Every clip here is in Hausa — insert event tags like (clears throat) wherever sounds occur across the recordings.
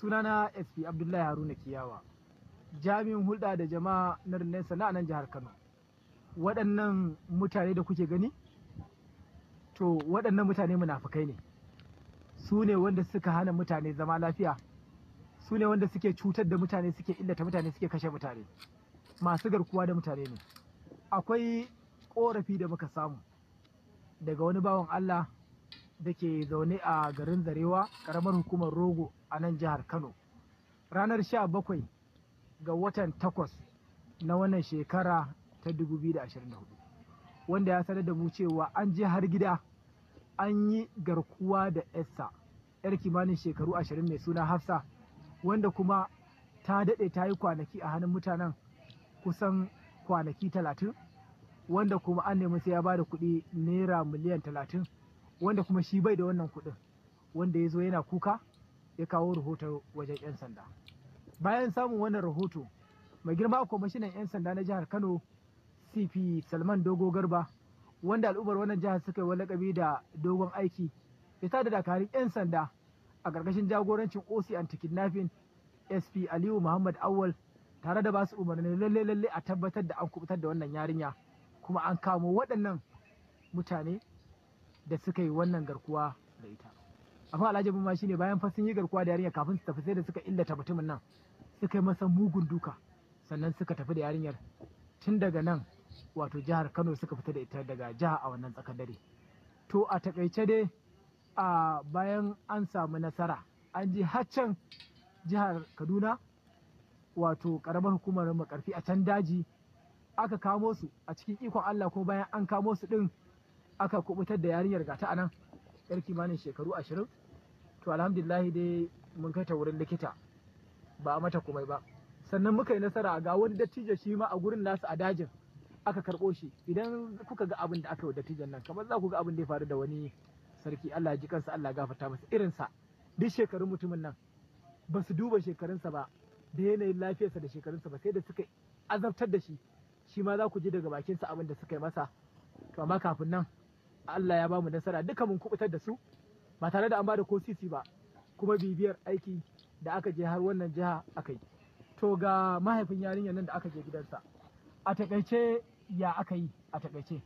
sunana sp abdullahi haruna kiyawa jami'in hulɗa da jama'a na rinnan sana'a nan jihar kano waɗannan mutane da kuke gani to waɗannan mutane munafukai ne su ne wanda suka hana mutane zama lafiya su ne wanda suke cutar da mutane suke illata mutane suke kashe mutane masu garkuwa da mutane ne akwai ƙorafi da muka samu daga wani bawan allah da ke zaune a garin zarewa ƙaramar hukumar rogo a nan jihar Kano. Ranar sha bakwai ga watan takwas na wannan shekara ta 2024 wanda ya sanar da mu cewa an ji har gida an yi garkuwa da Esther yar kimanin shekaru 20 mai suna Hafsa wanda kuma ta daɗe ta yi kwanaki a hannun mutanen kusan kwanaki 30 wanda kuma an nemi sai ya ba da kuɗi naira miliyan talatin wanda kuma shi bai da wannan kuɗin wanda ya zo yana kuka ya kawo rahoto wajen 'yan sanda bayan samun wannan rahoto mai girma a kwamishinan 'yan sanda na jihar kano cp salman dogo garba wanda al'ummar wannan jihar suka yi wani lakabi da dogon aiki ya da dakarun 'yan sanda a ƙarƙashin jagorancin oc anti kidnapping sp aliyu muhammad awal tare da basu umarni lalle lalle a tabbatar da an kubutar da wannan yarinya kuma an kamo waɗannan mutane da suka yi wannan garkuwa da ita amma alajabin ma shine bayan fa sun yi garkuwa da yarinyar kafin su tafi sai da suka illata mutumin nan suka yi masa mugun duka sannan suka tafi da yarinyar tun daga nan wato jihar Kano suka fita da ita daga jiha a wannan tsakar dare to a takaice dai a bayan an samu nasara an ji haccan jihar Kaduna wato karamar hukumar makarfi a can daji aka kamo su a cikin ikon Allah ko bayan an kamo su din aka kubutar da yarinyar gata a nan yar kimanin shekaru ashirin to alhamdulillah dai mun kai ta wurin likita ba a mata komai ba sannan muka yi nasara ga wani dattijo shi ma a gurin nasu a dajin aka karɓo shi idan kuka ga abin da aka yi dattijon nan kamar za ku ga abin da ya faru da wani sarki Allah ji kansa Allah gafarta masa irinsa duk shekarun mutumin nan ba su duba shekarunsa ba da yanayin lafiyarsa da shekarunsa ba sai da suka azabtar da shi shi ma za ku ji daga bakinsa abin da suka yi masa to amma kafin nan Allah ya ba mu nasara duka mun kubutar da su ba tare da an ba da ko sisi ba kuma bibiyar aiki da aka je har wannan jiha aka yi to ga mahaifin yarinyar nan da aka je gidansa a takaice ya aka yi a takaice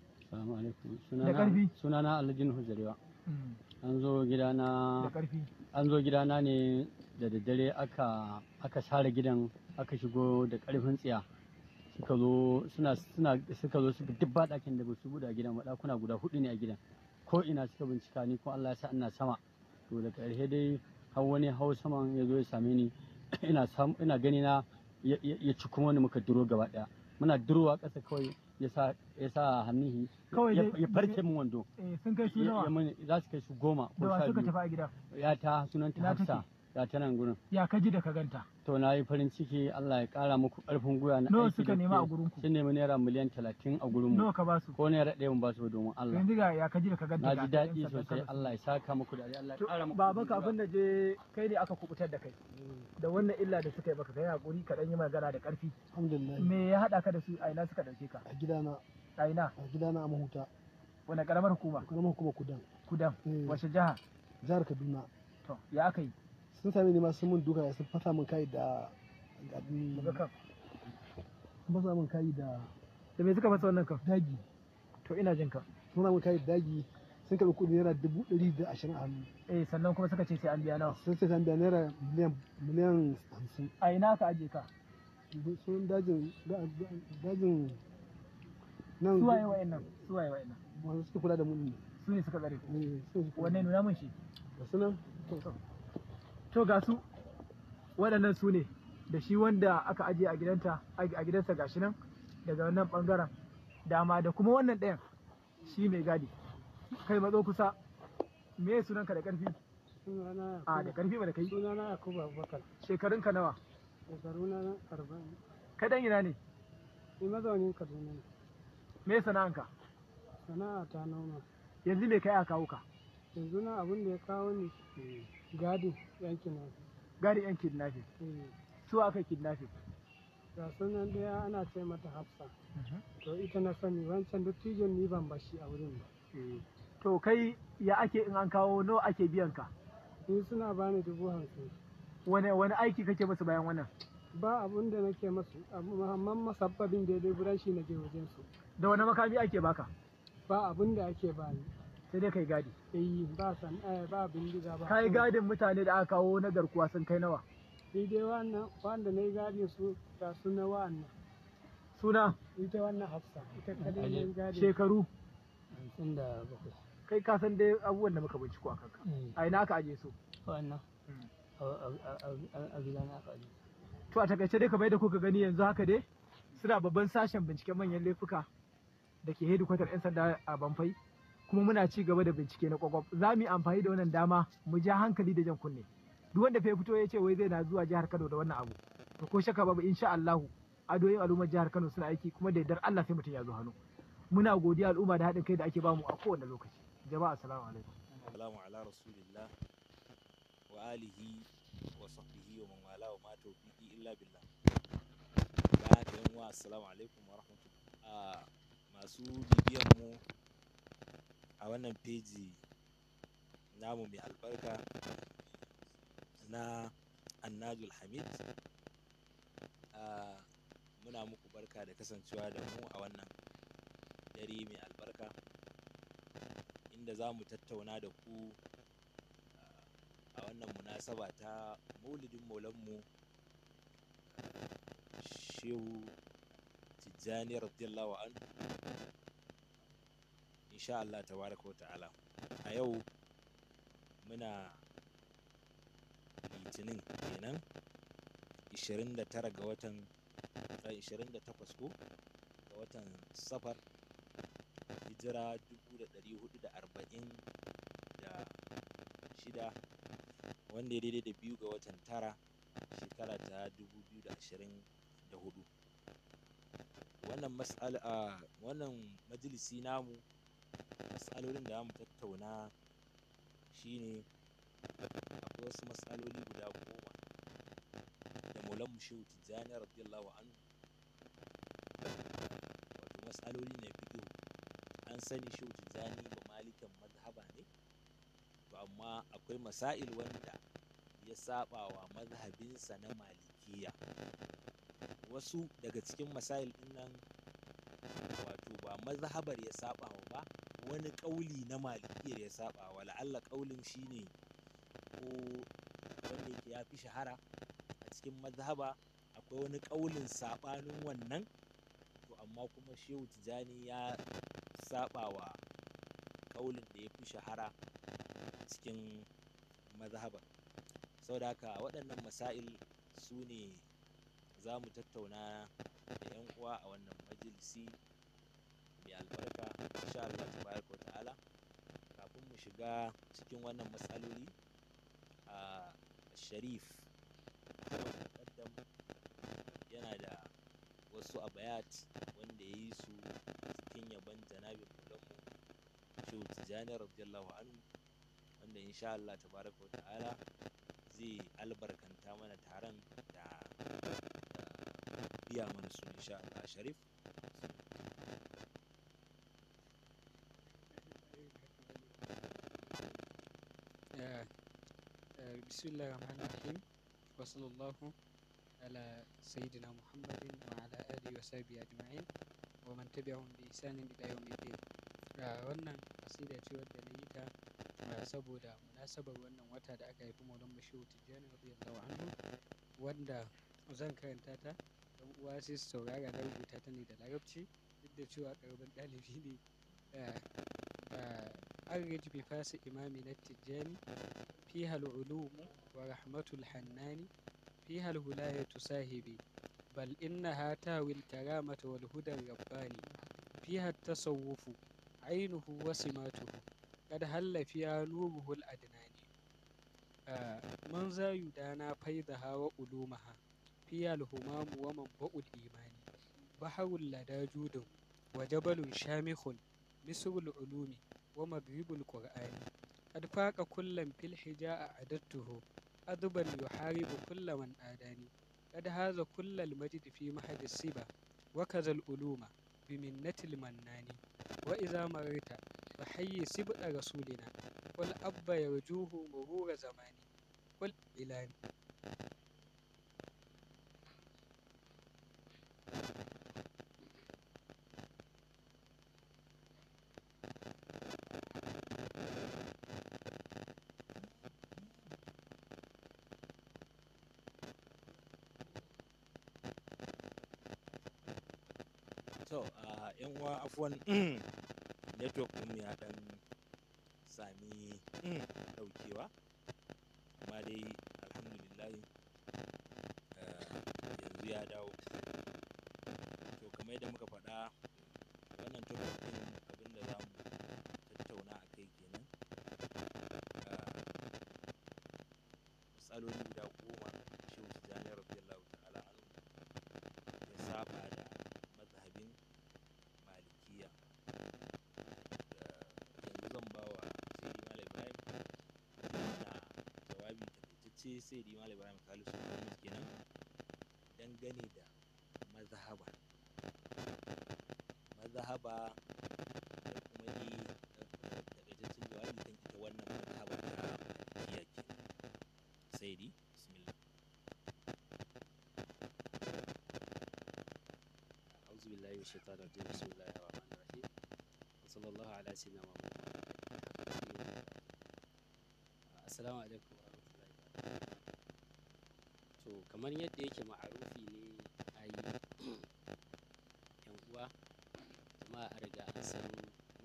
sunana sunana aljin hmm. an zo gidana an zo gidana ne da daddare aka aka share gidan aka shigo da karfin tsiya suka zo suna suna suka zo su dubba dakin da ba su buda a gidan ba dakuna guda hudu ne a gidan ko ina suka bincika ni ko Allah ya sa ina sama to da karshe dai har wani hau saman ya zo ya same ni (clears throat) ina ina gani na ya ci kuma wani muka duro gaba daya muna durowa kasa kawai ya sa ya sa hannihi ya farke min wando eh, sun kai su nawa za su kai su goma ko sha biyu ya ta sunan ta Hafsa ga ta nan gurin ya ka ji da ka ganta to na yi farin ciki Allah ya kara muku karfin gwiwa na aiki suka nema a gurin ku sun nemi naira miliyan 30 a gurin mu nawa ka ba su ko naira ɗaya mun ba su domin Allah yanzu ga ya ka ji da ka ganta na ji daɗi sosai Allah ya saka muku da Allah ya kara muku baba ka abin da je kai ne aka kubutar da kai da wannan illa da suka yi baka kai hakuri ka dan yi magana da karfi alhamdulillah me ya hada ka da su a ina suka dauke ka a gidana a ina a gidana a mahuta wani karamar hukuma karamar hukuma kudan kudan eh. wace jiha jihar kaduna to ya aka yi sun sami ne masu mun duka sun fasa mun kai da sun fasa mun kai da da me suka fasa wannan kan dagi to ina jin ka sun mun kai da dagi sun karɓi kuɗi naira dubu ɗari da ashirin a hannu eh sannan kuma suka ce sai an biya nawa sun ce sai an biya naira miliyan miliyan hamsin a ina ka aje ka sun dajin dajin nan suwaye wa'annan suwaye nan wanda suke kula da mu ne su ne suka tsare ku eh, wanne nuna mun shi ga sunan to ga su waɗannan su ne da shi wanda aka ajiye a gidanta a gidansa gashi nan daga wannan ɓangaren dama da kuma wannan ɗayan shi mai gadi kai matso kusa me sunanka da ƙarfi a da ƙarfi ba da kai sunana bakar shekarun ka nawa shekaruna na arba'in kai dan ina ne ni mazaunin kaduna ne me sana'anka sana'a ta noma yanzu me kai a kawo ka yanzu na abin da ya kawo ni hmm. gadi yan kidnapping gadi yan kidnapping su aka kidnapping ga sunan daya ana ce mata hafsa mhm. to ita na sani wancan dattijon ni ban bashi a wurin ba hmm. to kai ya ake in an kawo nawa ake biyan ka ni suna bani dubu hamsin wani wani aiki kake musu bayan wannan ba abun da nake masu amma masabbabin daidai gudan shi nake wajen su da wani makami ake baka ba abun da ake bani sai dai kai gadi eh ba san eh ba bindiga ba kai gadin mutane da aka kawo na garkuwa sun kai nawa shi dai wannan wanda ne gadi su ga su na wa'annan suna ita wannan hafsa ita kadai ne gadi shekaru 57 kai ka san dai abubuwan da muka binciko akan ka eh. a ina aka aje su wannan hmm. a gidan aka aje to a takaice dai kamar yadda kuka gani yanzu haka dai suna babban sashen binciken manyan laifuka da ke hedikwatar 'yan sanda a banfai kuma muna ci gaba da bincike na kwakwaf za mu yi amfani da wannan dama mu ja hankali da jan kunne duk wanda fa fito ya ce wai zai na zuwa jihar Kano da wannan abu to ko shaka babu insha Allah adoyin al'ummar jihar Kano suna aiki kuma da yardar Allah sai mutum ya zo hannu muna godiya al'umma da haɗin kai da ake bamu a kowane lokaci jama'a assalamu alaikum assalamu ala rasulillah wa alihi wa sahbihi wa man wala wa ma tawfiqi illa billah ba da yan wa assalamu alaikum wa rahmatullah ah, masu bibiyan mu a wannan feji namu mai albarka na annajul hamid muna muku barka da kasancewa da mu a wannan dare mai albarka inda za mu tattauna da ku a wannan munasaba ta maulidin maulanmu shehu tijjani radiyallahu anhu insha Allah tabaraka wa ta'ala a yau muna litinin kenan 29 ga watan 28 ko ga watan safar hijira 1446 wanda ya daidai da biyu ga watan tara shekara ta 2024 wannan mas'ala wannan majalisi namu matsalolin da za mu tattauna shine akwai wasu matsaloli guda goma da mu Shehu Tijjani radiyallahu anhu wato matsaloli ne fito an sani Shehu Tijjani ba malikan mazhaba ne to amma akwai masail wanda ya saba wa mazhabinsa na malikiya wasu daga cikin masail ɗin nan wato ba mazhabar ya saba wa ba wani ƙauli na malikiya ya saba wa la'alla ƙaulin shi ne ko wanda yake ya fi shahara a cikin mazhaba akwai wani ƙaulin saɓanin wannan to amma kuma shehu tijani ya saba wa ƙaulin da ya fi shahara a cikin mazhaba saboda haka waɗannan masail su ne za mu tattauna da 'yan uwa a wannan majalisi mai albarka insha Allah tabaraka wa ta'ala kafin mu shiga cikin wannan matsaloli a sharif yana da wasu abayat wanda ya yi su cikin yaban janabi kulanmu shehu tijjani radiyallahu anhu wanda insha Allah tabaraka wa ta'ala zai albarkanta mana taron da biya mana su insha Allah sharif bismillah rahman rahim wa sallallahu ala sayyidina muhammadin wa ala alihi wa sahbihi ajma'in wa man tabi'ahum bi ihsanin ila yawmiddin wannan kasida ce wadda na yi ta ah, saboda munasabar wannan wata da aka haifi maulan bashiru tijjani radiyallahu anhu wanda zan karanta ta dan uwa sai su saurara na rubuta ta ne da larabci duk da cewa karbin ɗalibi ne ah, أرج بفاس إمامنا التجاني فيها العلوم ورحمة الحنان فيها الولاية ساهبي بل إنها تاوي الكرامة والهدى الرباني فيها التصوف عينه وسماته قد هل فيها نوره الأدناني آه من ذا يدانا فيضها وألومها فيها الهمام ومنبع الإيمان بحر لدى جود وجبل شامخ مصر العلوم ومضرب القرآن قد فاق كلا في الحجاء أعددته أذبا يحارب كل من آداني قد هذا كل المجد في مهد السبا وكذا الألومة بمنة المنان وإذا مررت فحي سبط رسولنا والأب يرجوه مرور زماني والإعلان so a yan uwa afwan (clears throat) network ɗin ya ɗan sami ɗaukewa amma dai alhamdulillah eh, yanzu ya dawo to kamar yadda muka faɗa wannan topic ɗin abin da za mu tattauna a kai kenan matsaloli guda uku ce sai di malam ibrahim kenan dangane da mazhaba mazhaba da kuma yi eh, takaitaccen jawabi kan ita wannan mazhaba ta malikiya kenan sai di bismillah أعوذ بالله من الشيطان الرجيم بسم الله الرحمن الرحيم وصلى الله على سيدنا محمد السلام عليكم kamar yadda yake ma'arufi ne a yi (clears throat) yan uwa a riga an san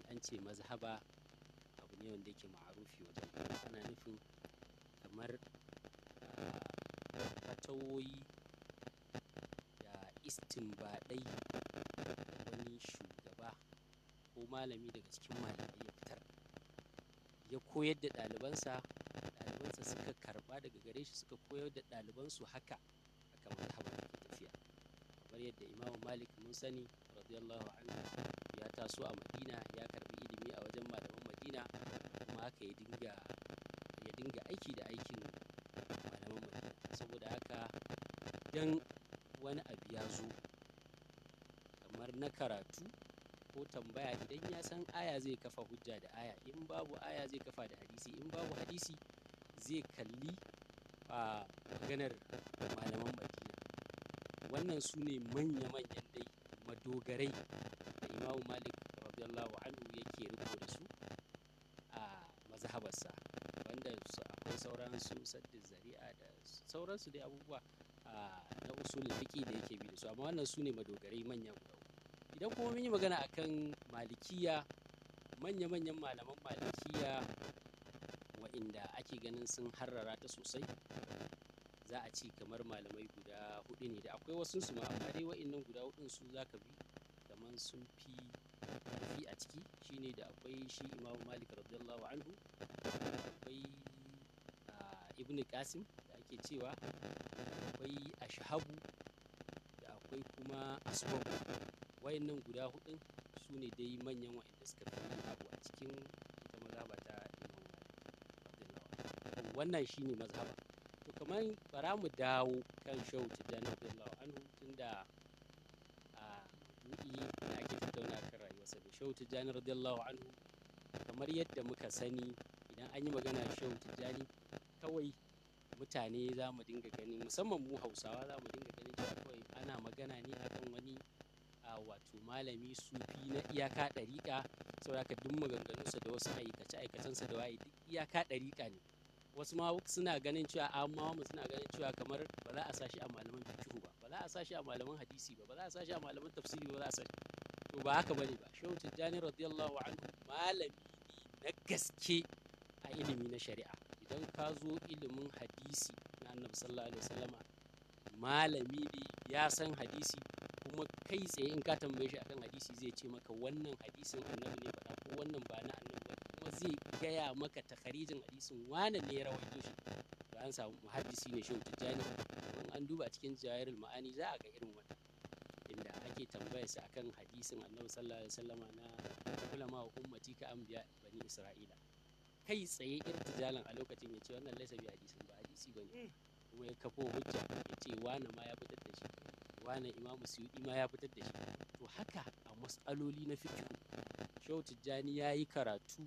an ce mazhaba abu ne wanda yake ma'arufi wajen ana nufin kamar ah, fatawoyi da istinbadai wani shugaba ko malami daga cikin malamai ya fitar ya koyar da ɗalibansa almajiransa suka karba daga gare shi suka koyar da ɗalibansu haka haka da tafiya kamar yadda imamu malik mun sani radiyallahu anhu ya taso a madina ya karbi ilimi a wajen malaman madina kuma haka ya dinga ya dinga aiki da aikin malaman madina saboda haka dan wani abu ya zo kamar na karatu ko tambaya idan ya san aya zai kafa hujja da aya in babu aya zai kafa da hadisi in babu hadisi zai kalli a maganar malaman madina wannan su ne manya-manyan dai madogarai da imamu malik radiyallahu anhu yake riko da su a mazhabarsa wanda akwai sauran su saddin zari'a da sauransu dai abubuwa na usulul fiqi da yake bi da su amma wannan su ne madogarai manya guda idan kuma mun yi magana akan malikiya manya-manyan malaman malikiya waɗanda ake ganin sun harrara ta sosai za a ce kamar malamai guda hudu ne da akwai wasu su ma amma dai waɗannan guda hudun su za ka bi kamar sun fi fi a ciki shine da akwai shi imamu malik radiyallahu anhu akwai ibn qasim da ake cewa akwai ashhabu da akwai kuma asbab wayannan guda hudun su ne dai manyan wa'anda suka fi abu a cikin wannan shi ne mazhaba to kamar bara mu dawo kan shehu tijjani radiyallahu anhu tunda a buɗi da ke tattauna kan rayuwarsa da shehu tijjani radiyallahu anhu kamar yadda muka sani idan an yi magana shehu tijjani kawai mutane za mu dinga ganin musamman mu hausawa za mu dinga ganin cewa kawai ana magana ne akan wani wato malami sufi na iyaka ɗariƙa saboda haka duk maganganunsa da wasu aikace-aikacensa da waye duk iyaka ɗariƙa ne wasu ma suna ganin cewa amma mu suna ganin cewa kamar ba za a sashi a malaman fiqh ba ba za a sashi a malaman hadisi ba ba za a sashi a malaman tafsiri ba za a sashi to ba haka bane ba shehu tijjani radiyallahu anhu malami ne na gaske a ilimi na shari'a idan ka zo ilimin hadisi na annabi sallallahu alaihi wasallama malami ne ya san hadisi kuma kai tsaye in ka tambaye shi akan hadisi zai ce maka wannan hadisin annabi ne faɗa ko wannan ba na zai gaya maka takharijin hadisin wane ne ya rawaito shi to an samu muhaddisi ne shehu tijjani in an duba cikin jawahirul ma'ani za a ga irin wannan inda ake tambayar sa akan hadisin annabi sallallahu alaihi wasallama na ulama wa ummati ka anbiya bani isra'ila kai tsaye irtijalan a lokacin ya ce wannan laisa bi hadisin ba hadisi bane kuma hmm. ya kafo hujja ya ce wane ma ya fitar da shi wane imamu suyuɗi ma ya fitar da shi to haka a mas'aloli na fikihu shehu tijjani ya yi karatu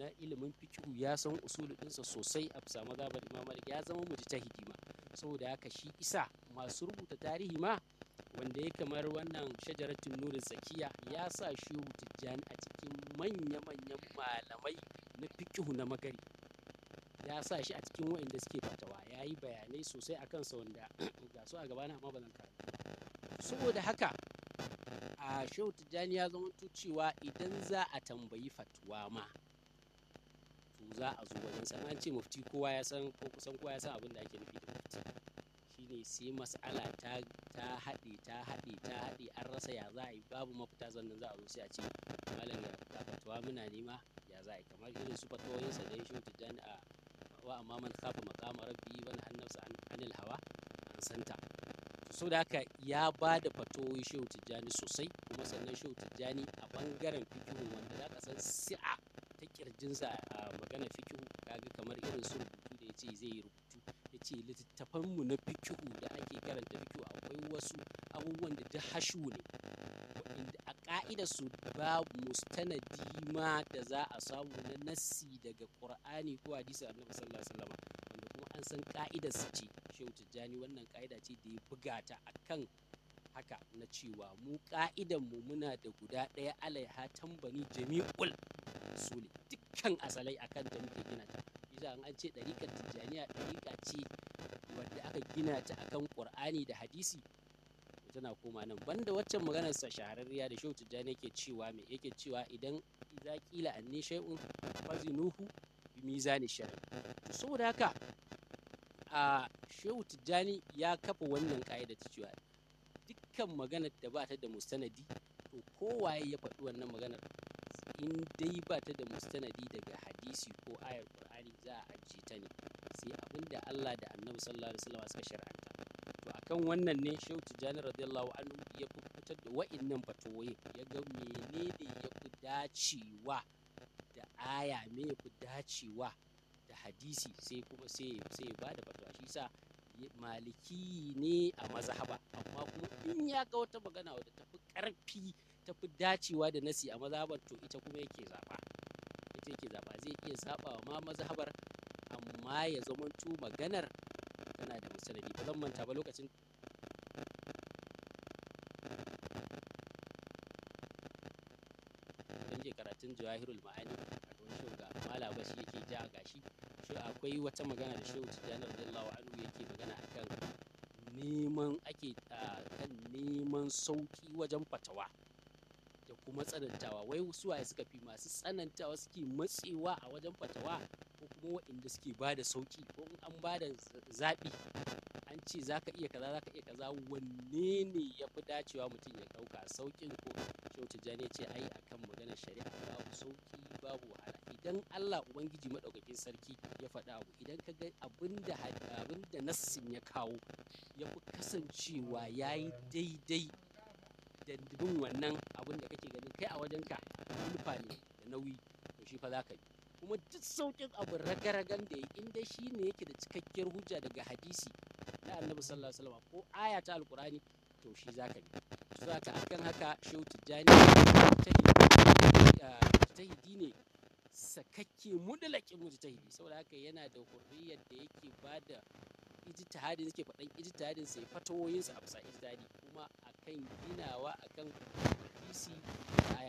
na ilimin fikihu ya san usulu ɗinsa sosai a bisa mazhabar imam malik ya zama mujtahidi ma saboda haka shi isa masu rubuta tarihi ma wanda ya kamar wannan shajaratun nurin zakiya ya sa shehu tijjani a cikin manya-manyan malamai na fikihu na magari ya sa shi a cikin waɗanda suke fatawa ya yi bayanai sosai a kansa wanda (clears throat) ga su a gabana amma ba zan saboda haka a shehu tijjani ya zama cewa idan za a tambayi fatuwa ma za a zo wajen san an ce mufti kowa ya san ko kusan kowa ya san abin da ake nufi da mufti shine sai mas'ala ta ta haɗe ta haɗe ta haɗe an rasa ya za a yi babu mafita sannan za a zo sai a ce malam ga fatuwa muna nema ya za a yi kamar irin su fatawoyin sa dai shin tijani a wa amma man kafa maqama rabbi ban hannafsa anil hawa an santa so da haka ya ba da fatoyi shehu tijjani sosai kuma sannan shehu tijjani a bangaren fikihun wanda za ka san si'a ta kirjinsa a magana fikihu kaga kamar irin su rubutu da ya ce zai yi rubutu ya ce littattafanmu na fikihu da ake karanta fikihu akwai wasu abubuwan da duk hashu ne a ƙa'ida su ba mustanadi ma da za a samu na nassi daga ƙur'ani ko hadisi annabi sallallahu alaihi wasallam wanda kuma an san ƙa'idar su ce shehu tijjani wannan ƙa'ida ce da ya buga ta akan haka na cewa mu mu muna da guda ɗaya alaiha tambani jami'ul ne dukkan asalai akan kanta muke gina ta idan an ce ɗarikar tijjaniya ɗariƙa ce wadda aka gina ta akan ƙur'ani da hadisi tana koma nan banda waccan maganar sa shahararriya da shehu tijjani yake cewa me yake cewa idan idza an ne shay'un fazinuhu bi mizani shari to saboda haka a shehu tijjani ya kafa wannan ka'ida ta cewa dukkan maganar da bata ta da mustanadi to kowaye ya faɗi wannan maganar in dai ba ta da mustanadi daga hadisi ko ayar qur'ani za a ajiye ta ne sai abinda Allah da annabi sallallahu alaihi wasallam suka shar'anta to akan wannan ne shehu tijani radiyallahu anhu ya fitar da wa'innan fatawoyin ya ga menene ya fi dacewa da aya me ya fi dacewa da hadisi sai kuma sai sai ba da fatawa shi sa maliki ne a mazhaba amma kuma in ya ga wata magana wadda ta fi ƙarfi ta fi dacewa da nasi a mazhabar to ita kuma yake zaba ita yake zaba zai iya zaɓa ma mazhabar amma ya zamanto maganar tana da musanadi ba zan manta ba lokacin ke karatun jawahirul ma'ani a don ga malaba shi yake ja gashi shi akwai wata magana da shehu tijjani radiyallahu anhu yake magana akan neman ake kan neman sauki wajen fatawa da kuma tsanantawa wai su waye suka fi masu tsanantawa suke matsewa a wajen fatawa ko kuma waɗanda suke ba da sauki ko in an ba da zaɓi an ce za ka iya kaza za ka iya kaza wanne ne ya fi dacewa mutum ya ɗauka sauƙin ko shehu tijjani ce ai kan maganar shari'a babu sauƙi babu wahala idan allah ubangiji maɗaukakin sarki ya faɗa abu idan ka ga abinda abinda nassin ya kawo ya fi kasancewa ya yi daidai da wannan abin da kake ganin kai a ka ne da nauyi to shi fa za ka yi kuma duk sauƙin abu ragaragan da ya inda shi ne yake da cikakkiyar hujja daga hadisi na annabi sallallahu alaihi wasallam ko aya ta alqur'ani to shi za ka yi su za ka akan haka shehu tijjani tahidi eh, ne sakakke mudalakin mujtahidi saboda haka yana da hurriyar da yake ba da ijtihadin yake faɗan ijtihadin sai fatawoyinsa a bisa ijtihadi kuma akan ginawa akan 呀，